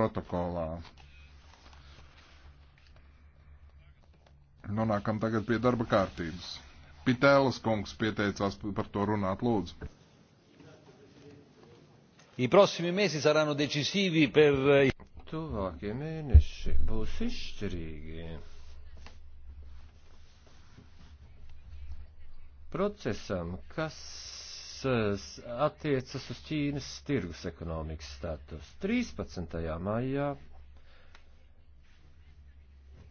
protokolā. Nonākam tagad pie darba kārtības. Pitēlas kungs pieteicās par to runāt lūdzu. I prossimi mesi saranno decisivi per... Eh, Tuvākie mēneši būs izšķirīgi. Procesam, kas Eh, attiecas uz Ķīnas tirgus ekonomikas status. 13. maijā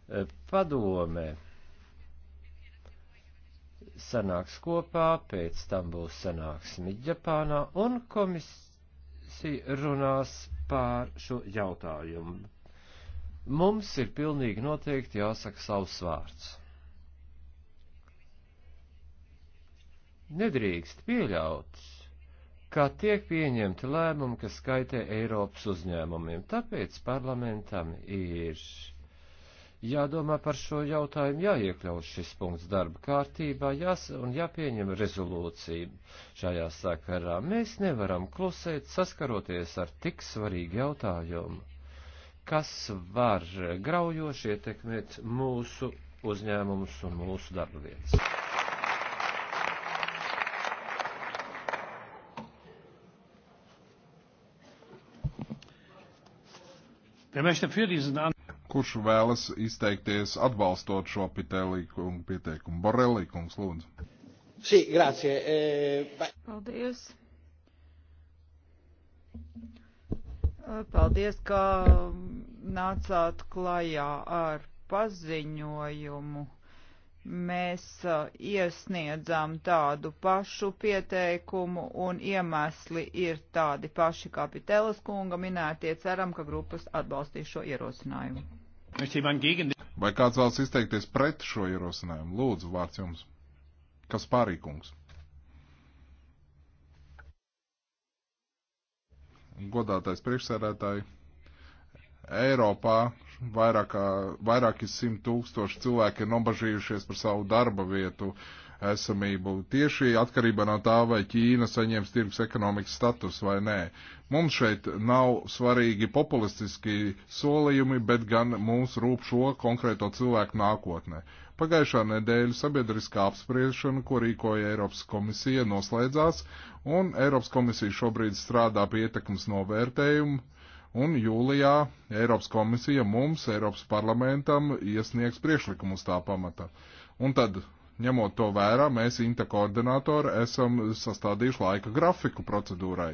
eh, padome sanāks kopā, pēc tam būs sanāksmi Ģapānā un komisija runās pār šo jautājumu. Mums ir pilnīgi noteikti jāsaka savs vārds. Nedrīkst pieļaut, kā tiek pieņemti lēmumi, kas skaitē Eiropas uzņēmumiem. Tāpēc parlamentam ir jādomā par šo jautājumu, jāiekļaus šis punkts darba kārtībā jās, un jāpieņem rezolūcija šajā sakarā. Mēs nevaram klusēt saskaroties ar tik svarīgu jautājumu, kas var graujoši ietekmēt mūsu uzņēmumus un mūsu darba vietas. Kurš vēlas izteikties atbalstot šo pitelīkumu pieteikumu? Borelī kungs, lūdzu. Sī, grācie. Eh, paldies. Eh, paldies, ka nācāt klajā ar paziņojumu mēs iesniedzām tādu pašu pieteikumu un iemesli ir tādi paši kā Pitelas kunga minētie. Ceram, ka grupas atbalstīs šo ierosinājumu. Vai kāds vēlas izteikties pret šo ierosinājumu? Lūdzu, vārds jums. Kas pārīkums? Godātais priekšsēdētāji, Eiropā Vairākā, vairāki simt tūkstoši cilvēki ir nobažījušies par savu darba vietu esamību. Tieši atkarībā no tā, vai Ķīna saņems tirgus ekonomikas status vai nē. Mums šeit nav svarīgi populistiski solījumi, bet gan mūs rūp šo konkrēto cilvēku nākotnē. Pagājušā nedēļa sabiedriskā apspriešana, ko rīkoja Eiropas komisija, noslēdzās, un Eiropas komisija šobrīd strādā pie ietekmes novērtējumu Un jūlijā Eiropas komisija mums, Eiropas parlamentam, iesniegs priekšlikumu uz tā pamata. Un tad, ņemot to vērā, mēs Inta koordinātori esam sastādījuši laika grafiku procedūrai.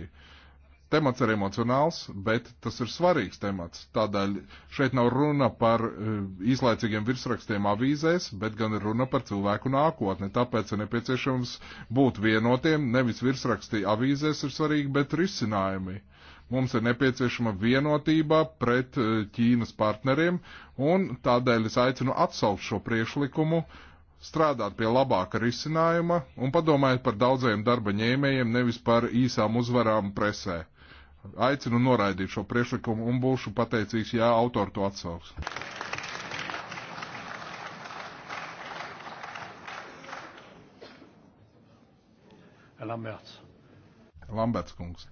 Temats ir emocionāls, bet tas ir svarīgs temats. Tādēļ šeit nav runa par īslaicīgiem eh, virsrakstiem avīzēs, bet gan ir runa par cilvēku nākotni. Tāpēc ir nepieciešams būt vienotiem, nevis virsraksti avīzēs ir svarīgi, bet risinājumi. Uh, Mums ir nepieciešama vienotība pret e, Ķīnas partneriem, un tādēļ es aicinu atsaukt šo priekšlikumu, strādāt pie labāka risinājuma un padomājiet par daudzajiem darba ņēmējiem, nevis par īsām uzvarām presē. Aicinu noraidīt šo priekšlikumu un būšu pateicīgs, ja autori to atsauks. Lamberts. Lamberts kungs.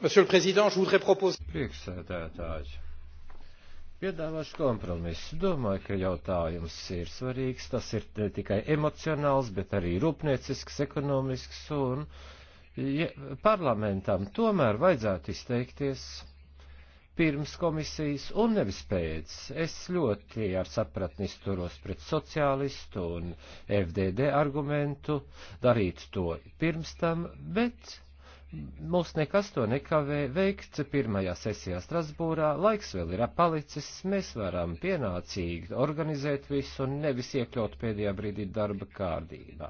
Monsieur le Président, je voudrais proposer. Priekšsēdētājs. Piedāvāšu kompromisu. Domāju, ka jautājums ir svarīgs. Tas ir ne tikai emocionāls, bet arī rūpniecisks, ekonomisks un ja, parlamentam tomēr vajadzētu izteikties pirms komisijas un nevis pēc. Es ļoti ar sapratni izturos pret sociālistu un FDD argumentu, darīt to pirms tam, bet Mums nekas to nekavē veikt pirmajā sesijā Strasbūrā, laiks vēl ir palicis, mēs varam pienācīgi organizēt visu un nevis iekļaut pēdējā brīdī darba kārdībā.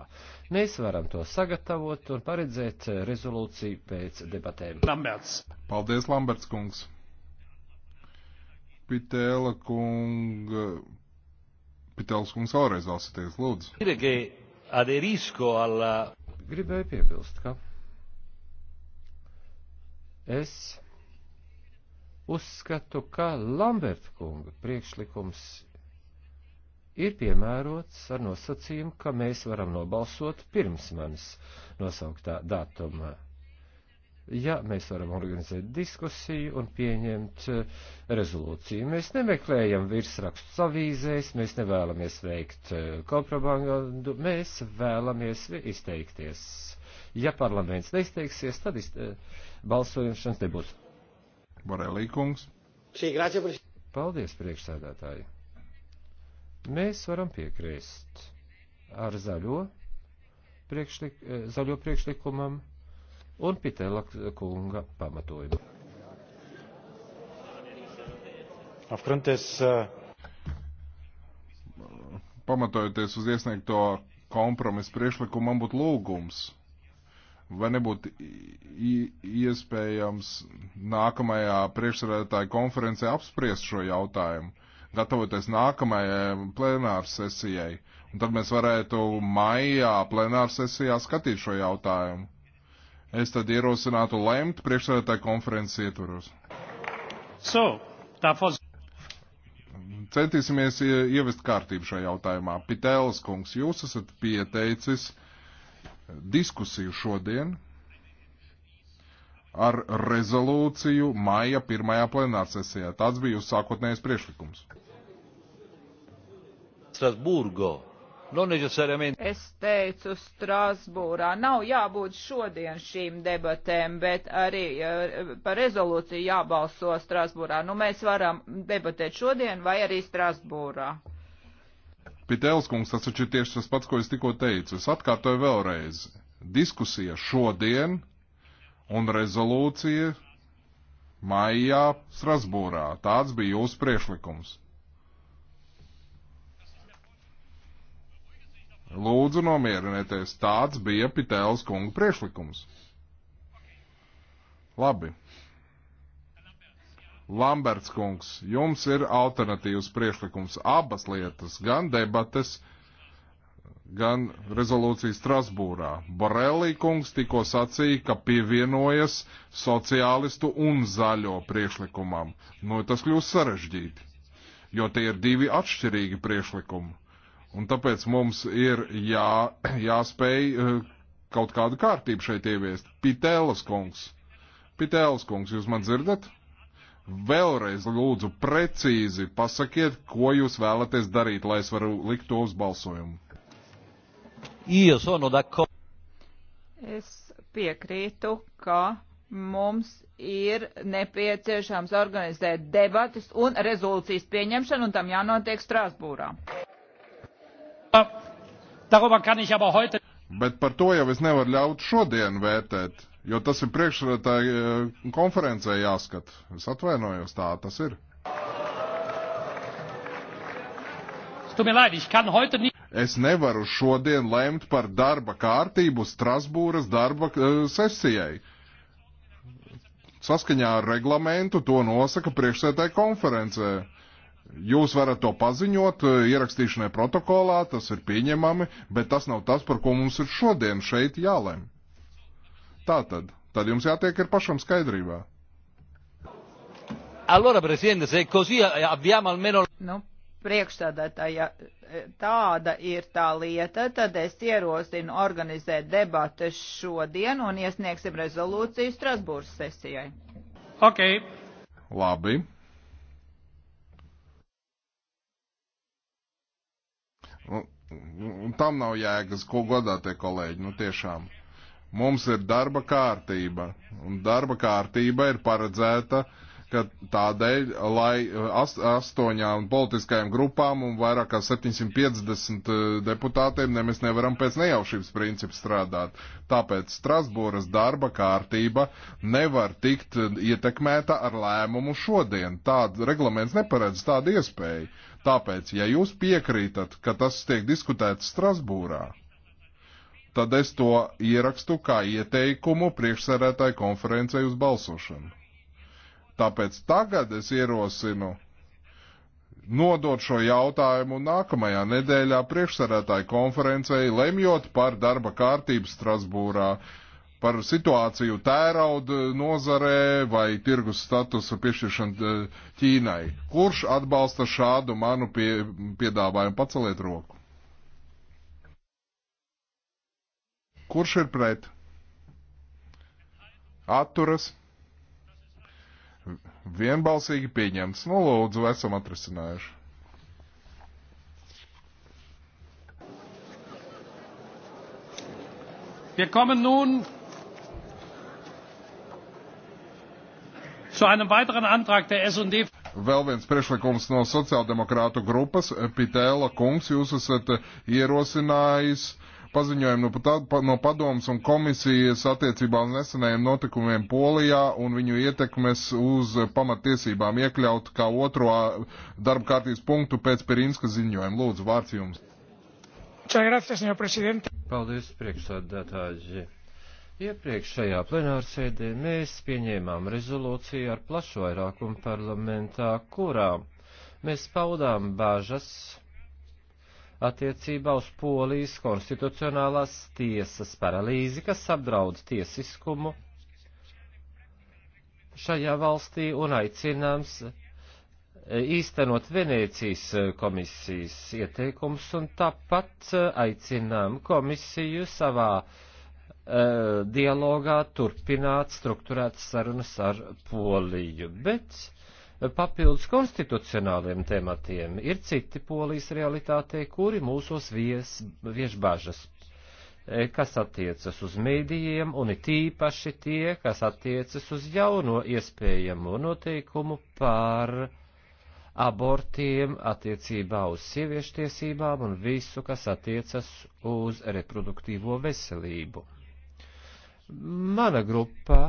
Mēs varam to sagatavot un paredzēt rezolūciju pēc debatēm. Lamberts. Paldies, Lamberts kungs. Pitēla kunga. Pitēls kungs vēlreiz vēlsities, lūdzu. Gribēju piebilst, ka Es uzskatu, ka Lamberta kunga priekšlikums ir piemērots ar nosacījumu, ka mēs varam nobalsot pirms manis nosauktā datuma. Ja mēs varam organizēt diskusiju un pieņemt eh, rezolūciju, mēs nemeklējam virsrakstus avīzēs, mēs nevēlamies veikt eh, kontrabandu, mēs vēlamies izteikties. Ja parlaments neizteiksies, tad eh, balsojums nebūs. Varēja līkungs. Paldies, priekšsēdētāji. Mēs varam piekrist ar zaļo, priekšlik, eh, zaļo priekšlikumam un Pitela kunga pamatojumu. Afrontes. Pamatojoties uz iesniegto kompromisu priekšlikumu, man būtu lūgums vai nebūtu iespējams nākamajā priekšsēdētāja konferencē apspriest šo jautājumu, gatavoties nākamajai plenāru sesijai. Un tad mēs varētu maijā plenāru sesijā skatīt šo jautājumu. Es tad ierosinātu lemt priekšsēdētāja konferences ietvaros. So, tāpēc. Centīsimies ievest kārtību šajā jautājumā. Pitēlis kungs, jūs esat pieteicis uh, diskusiju šodien ar rezolūciju maija pirmajā plenārsesijā. Tāds bija jūsu sākotnējais priešlikums. Strasburgo. Es teicu Strasbūrā, nav jābūt šodien šīm debatēm, bet arī uh, par rezolūciju jābalso Strasbūrā. Nu, mēs varam debatēt šodien vai arī Strasbūrā. Pitēls kungs, tas taču ir tieši tas pats, ko es tikko teicu. Es atkārtoju vēlreiz. Diskusija šodien un rezolūcija maijā Strasbūrā. Tāds bija jūsu priešlikums. Lūdzu, nomierinieties. Tāds bija Pitēls kunga priešlikums. Labi. Lamberts kungs, jums ir alternatīvas priekšlikums abas lietas, gan debates, gan rezolūcija Strasbūrā. Borelī kungs tikko sacīja, ka pievienojas sociālistu un zaļo priekšlikumam. Nu, tas kļūst sarežģīti, jo tie ir divi atšķirīgi priekšlikumi. Un tāpēc mums ir jā, jāspēj eh, kaut kādu kārtību šeit ieviest. Pitēlas kungs. Pitēlas kungs, jūs man dzirdat? Vēlreiz lūdzu precīzi pasakiet, ko jūs vēlaties darīt, lai es varu likt to uz balsojumu. Es piekrītu, ka mums ir nepieciešams organizēt debatas un rezolūcijas pieņemšanu, un tam jānotiek Strasbūrā. Bet par to jau es nevaru ļaut šodien vērtēt. Jo tas ir priekšredētāji eh, konferencē jāskat. Es atvainojos, tā tas ir. Es nevaru šodien lemt par darba kārtību Strasbūras darba eh, sesijai. Saskaņā ar reglamentu to nosaka priekšsētāja konferencē. Jūs varat to paziņot eh, ierakstīšanai protokolā, tas ir pieņemami, bet tas nav tas, par ko mums ir šodien šeit jālem. Tā tad, tad jums jātiek ar pašam skaidrībā. Allora, Presidente, se così eh, abbiamo almeno... Nu, priekšsēdētāja, eh, tāda ir tā lieta, tad es ierosinu organizēt debates šodien un iesniegsim rezolūciju Strasbūras sesijai. Ok. Labi. Un, nu, nu, un tam nav jēgas, ko godātie kolēģi, nu tiešām. Mums ir darba kārtība, un darba kārtība ir paredzēta ka tādēļ, lai uh, astoņām politiskajām grupām un vairāk kā 750 uh, deputātiem ne mēs nevaram pēc nejaušības principa strādāt. Tāpēc Strasbūras darba kārtība nevar tikt uh, ietekmēta ar lēmumu šodien. Tāda reglaments neparedz tādu iespēju. Tāpēc, ja jūs piekrītat, ka tas tiek diskutēts Strasbūrā, tad es to ierakstu kā ieteikumu priekšsēdētāju konferencei uz balsošanu. Tāpēc tagad es ierosinu nodot šo jautājumu nākamajā nedēļā priekšsēdētāju konferencei, lemjot par darba kārtību Strasbūrā, par situāciju tērauda nozarē vai tirgus statusa piešķiršanu eh, Ķīnai. Kurš atbalsta šādu manu pie, piedāvājumu? Paceliet roku! Kurš ir pret? Atturas. Vienbalsīgi pieņemts. Nu, lūdzu, esam atrisinājuši. Wir kommen nun zu einem weiteren Antrag der S&D. Vēl viens priekšlikums no sociāldemokrātu grupas. Pitēla kungs, jūs esat ierosinājis uh, paziņojumu no, no padomas un komisijas attiecībā uz nesenajiem notikumiem Polijā un viņu ietekmes uz pamatiesībām iekļaut kā otro darba kārtības punktu pēc Pirinska ziņojuma. Lūdzu, vārds jums. Paldies, priekšsādātāji. Iepriekšējā plenārsēdē mēs pieņēmām rezolūciju ar plašu vairākumu parlamentā, kurā mēs paudām bāžas attiecībā uz Polijas konstitucionālās tiesas paralīzi, kas apdraud tiesiskumu šajā valstī un aicināms e, īstenot Venēcijas e, komisijas ieteikums un tāpat e, aicinām komisiju savā uh, dialogā turpināt struktūrēt sarunas ar Poliju. Bet papildus konstitucionāliem tematiem ir citi polijas realitātei, kuri mūsos vies, vieš bažas, e, kas attiecas uz mēdījiem un it īpaši tie, kas attiecas uz jauno iespējamo noteikumu par abortiem attiecībā uz sieviešu tiesībām un visu, kas attiecas uz reproduktīvo veselību. Mana grupa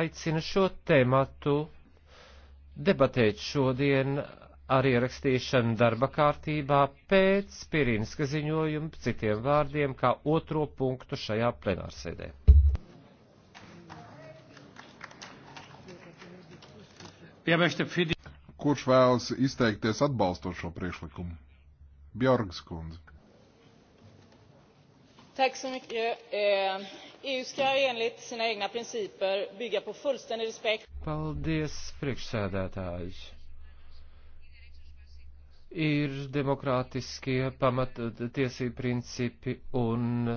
aicina šo tematu debatēt šodien ar ierakstīšanu darba kārtībā pēc Pirinska ziņojuma citiem vārdiem kā otro punktu šajā plenārsēdē. Kurš vēlas izteikties atbalstot šo priekšlikumu? Bjorgs kundze. Tack så mycket. Eh, EU ska enligt sina egna principer bygga på fullständig respekt. Paldies, priekšsēdētājs. Ir demokrātiskie pamattiesību principi un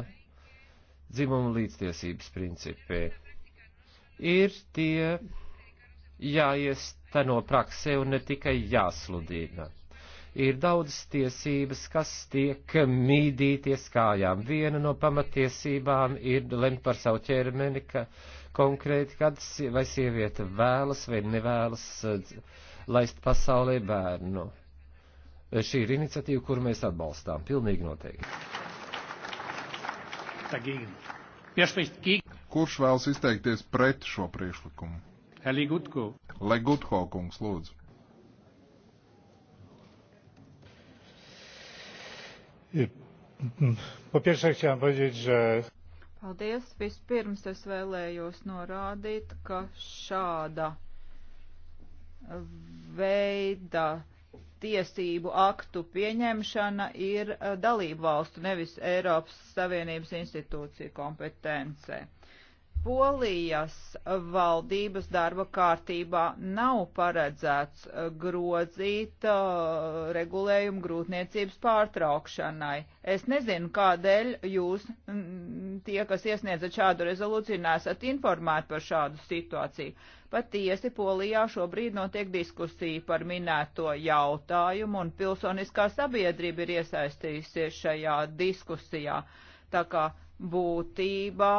dzimumu līdztiesības principi. Ir tie jāiesteno praksē un ne tikai jāsludina ir daudz tiesības, kas tiek mīdīties kājām. Viena no pamatiesībām ir lemt par savu ķermeni, ka konkrēti, kad vai sieviete vēlas vai nevēlas eh, laist pasaulē bērnu. Šī ir iniciatīva, kuru mēs atbalstām, pilnīgi noteikti. Kurš vēlas izteikties pret šo priekšlikumu? Legutko kungs, lūdzu. Mm, po pierwsze chciałem powiedzieć, że. Paldies! Vispirms es vēlējos norādīt, ka šāda veida tiesību aktu pieņemšana ir eh, dalību valstu, nevis Eiropas Savienības institūciju kompetencē. Polijas valdības darba kārtībā nav paredzēts uh, grozīt uh, regulējumu grūtniecības pārtraukšanai. Es nezinu, kādēļ jūs, mm, tie, kas iesniedzat šādu rezolūciju, nesat informēti par šādu situāciju. Patiesi Polijā šobrīd notiek diskusija par minēto jautājumu, un pilsoniskā sabiedrība ir iesaistījusies šajā diskusijā. Tā kā būtībā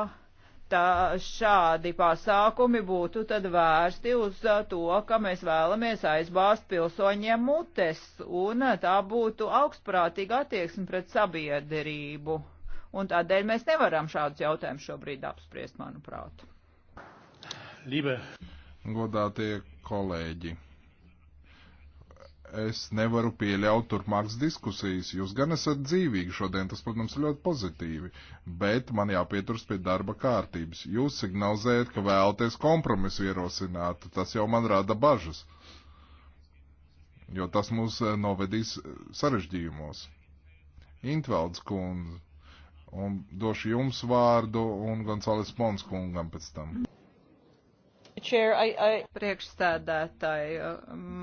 tā, šādi pasākumi būtu tad vērsti uz uh, to, ka mēs vēlamies aizbāzt pilsoņiem mutes, un uh, tā būtu augstprātīga attieksme pret sabiedrību. Un tādēļ mēs nevaram šādus jautājumus šobrīd apspriest, manuprāt. Liebe. Godātie kolēģi! es nevaru pieļaut turpmākas diskusijas. Jūs gan esat dzīvīgi šodien, tas, protams, ir ļoti pozitīvi, bet man jāpieturas pie darba kārtības. Jūs signalizējat, ka vēlaties kompromisu ierosināt, tas jau man rada bažas, jo tas mūs eh, novedīs eh, sarežģījumos. Intvelds kundze, un došu jums vārdu un Gonzales Pons kungam pēc tam. Chair, I, I... Priekšstādātāji,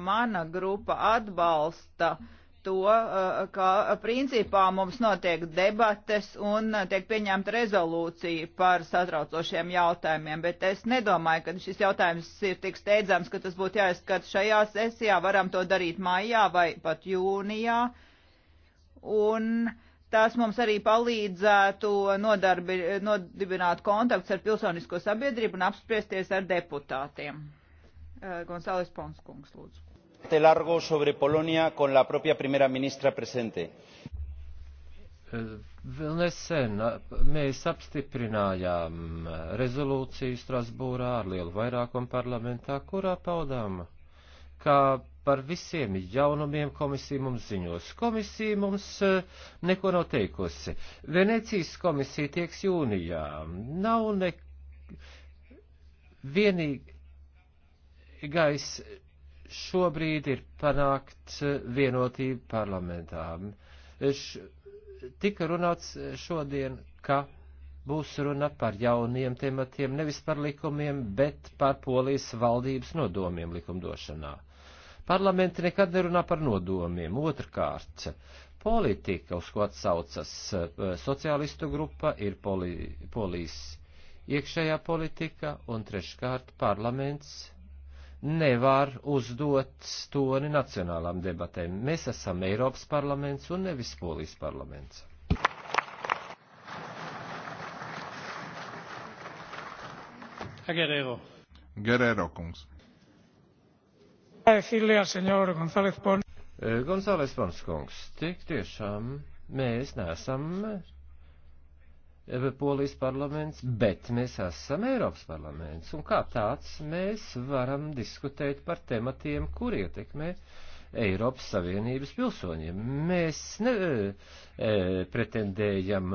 mana grupa atbalsta to, ka principā mums notiek debates un tiek pieņemta rezolūcija par satraucošiem jautājumiem, bet es nedomāju, ka šis jautājums ir tik steidzams, ka tas būtu jāizskata šajā sesijā, varam to darīt maijā vai pat jūnijā. Un uh, Tas mums arī palīdzētu nodarbi, nodibināt kontakts ar pilsonisko sabiedrību un apspriesties ar deputātiem. Eh, Gonzāles Ponskungs, lūdzu. Te largo sobre Polonia con la propia primera ministra presente. Eh, vēl nesen eh, mēs apstiprinājām rezolūciju Strasbūrā ar lielu vairākumu parlamentā, kurā paudām ka par visiem jaunumiem komisija mums ziņos. Komisija mums eh, neko nav teikusi. Venecijas komisija tieks jūnijā. Nav ne vienīgais šobrīd ir panākt eh, vienotību parlamentā. Eh, š, tika runāts šodien, ka būs runa par jauniem tematiem, nevis par likumiem, bet par polijas valdības nodomiem likumdošanā. Parlamenti nekad nerunā par nodomiem. Otrkārt, politika, uz ko atsaucas eh, sociālistu grupa, ir poli, polijas iekšējā politika, un treškārt parlaments nevar uzdot toni nacionālām debatēm. Mēs esam Eiropas parlaments un nevis polijas parlaments. Guerrero. Guerrero kungs. Gonzāles Ponskungs, eh, tik tiešām mēs neesam eh, Polijas parlaments, bet mēs esam Eiropas parlaments, un kā tāds mēs varam diskutēt par tematiem, kur ietekmē Eiropas Savienības pilsoņiem. Mēs ne, e, pretendējam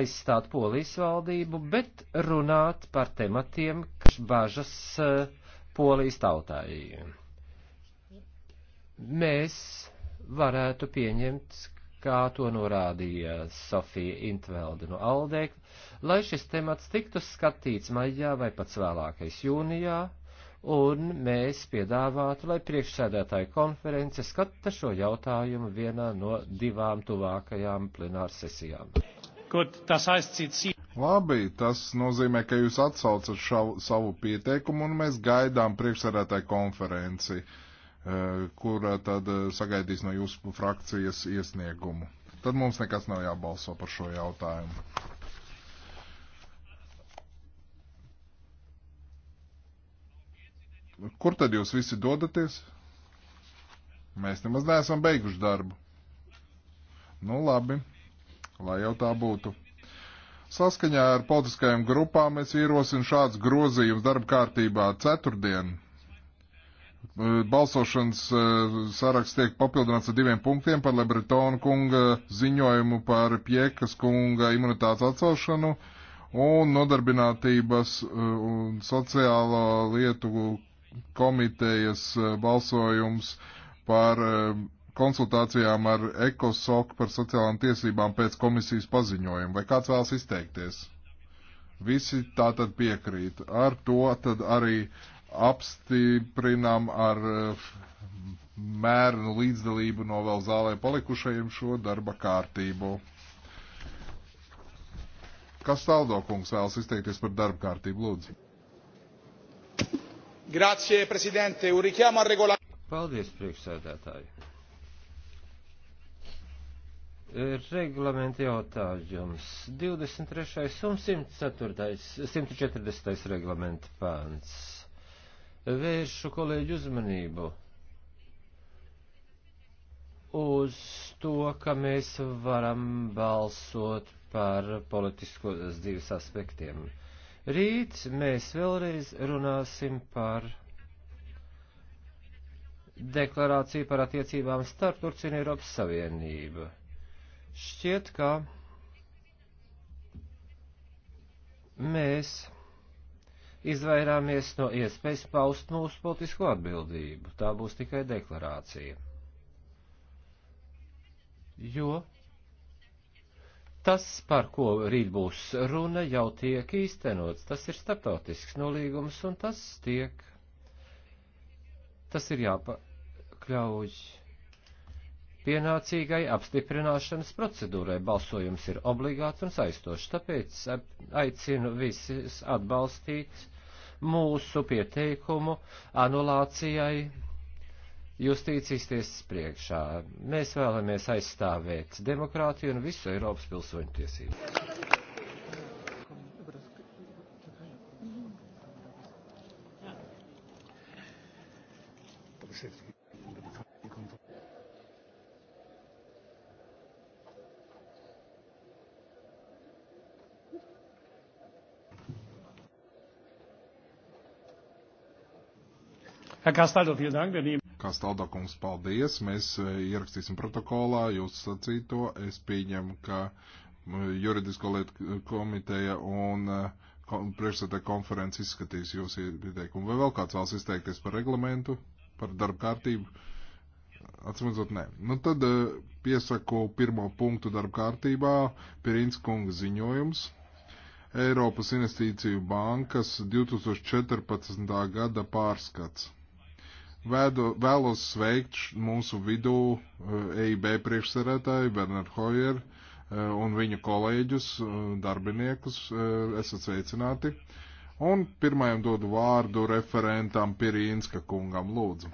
aizstāt Polijas valdību, bet runāt par tematiem, kas bažas. E, polijas tautai. Mēs varētu pieņemt, kā to norādīja Sofija Intvelda no Aldēk, lai šis temats tiktu skatīts maijā vai pats vēlākais jūnijā, un mēs piedāvātu, lai priekšsēdētāja konference skata šo jautājumu vienā no divām tuvākajām plenārsesijām. Gut, das heißt, Sie ziehen. Labi, tas nozīmē, ka jūs atsaucat šavu, savu pieteikumu un mēs gaidām priekšsarētāju konferenci, eh, kur tad eh, sagaidīs no jūsu frakcijas iesniegumu. Tad mums nekas nav jābalso par šo jautājumu. Kur tad jūs visi dodaties? Mēs nemaz neesam beiguši darbu. Nu labi lai jau tā būtu. Saskaņā ar politiskajām grupām es ierosinu šāds grozījums darba kārtībā ceturtdien. Balsošanas eh, saraksts tiek papildināts ar diviem punktiem par Lebretonu kunga ziņojumu par Piekas kunga imunitātes atcelšanu un nodarbinātības eh, un sociālo lietu komitejas eh, balsojums par konsultācijām ar ECOSOC par sociālām tiesībām pēc komisijas paziņojuma. Vai kāds vēlas izteikties? Visi tā tad piekrīt. Ar to tad arī apstiprinām ar eh, mērnu līdzdalību no vēl zālē palikušajiem šo darba kārtību. Kas taldo kungs vēlas izteikties par darba kārtību, lūdzu? Grazie, prezidente. Un richiamo al regolamento. Paldies, priekšsēdētāji reglamenta jautājums. 23. un 104. 140. reglamenta pāns. Vēršu kolēģu uzmanību uz to, ka mēs varam balsot par politiskos dzīves aspektiem. Rīt mēs vēlreiz runāsim par deklarāciju par attiecībām starp Turciju un Eiropas Savienību. Šķiet, ka mēs izvairāmies no iespējas paust mūsu politisko atbildību. Tā būs tikai deklarācija. Jo tas, par ko rīt būs runa, jau tiek īstenots. Tas ir starptautisks nolīgums un tas tiek. Tas ir jāpakļauj pienācīgai apstiprināšanas procedūrai. Balsojums ir obligāts un saistošs, tāpēc aicinu visus atbalstīt mūsu pieteikumu anulācijai justīcijas tiesas priekšā. Mēs vēlamies aizstāvēt demokrātiju un visu Eiropas pilsoņu tiesību. Kastaldo, Kastaldo kungs, paldies. Mēs eh, ierakstīsim protokolā jūs sacīto. Es pieņemu, ka juridisko lietu eh, komiteja un eh, priekšsēdē konferences izskatīs jūsu ieteikumu. Vai vēl kāds vēlas izteikties par reglamentu, par darba kārtību? Atsimot, nē. Nu, tad piesaku pirmo punktu darba kārtībā Pirinskunga ziņojums. Eiropas Investīciju bankas 2014. gada pārskats. Vēdu, vēlos sveikt mūsu vidū EIB eh, e priekšsarētāju Bernardu Hojeru eh, un viņa kolēģus, eh, darbiniekus. Esat sveicināti. Un pirmajam dodu vārdu referentam Pirīnska kungam lūdzu.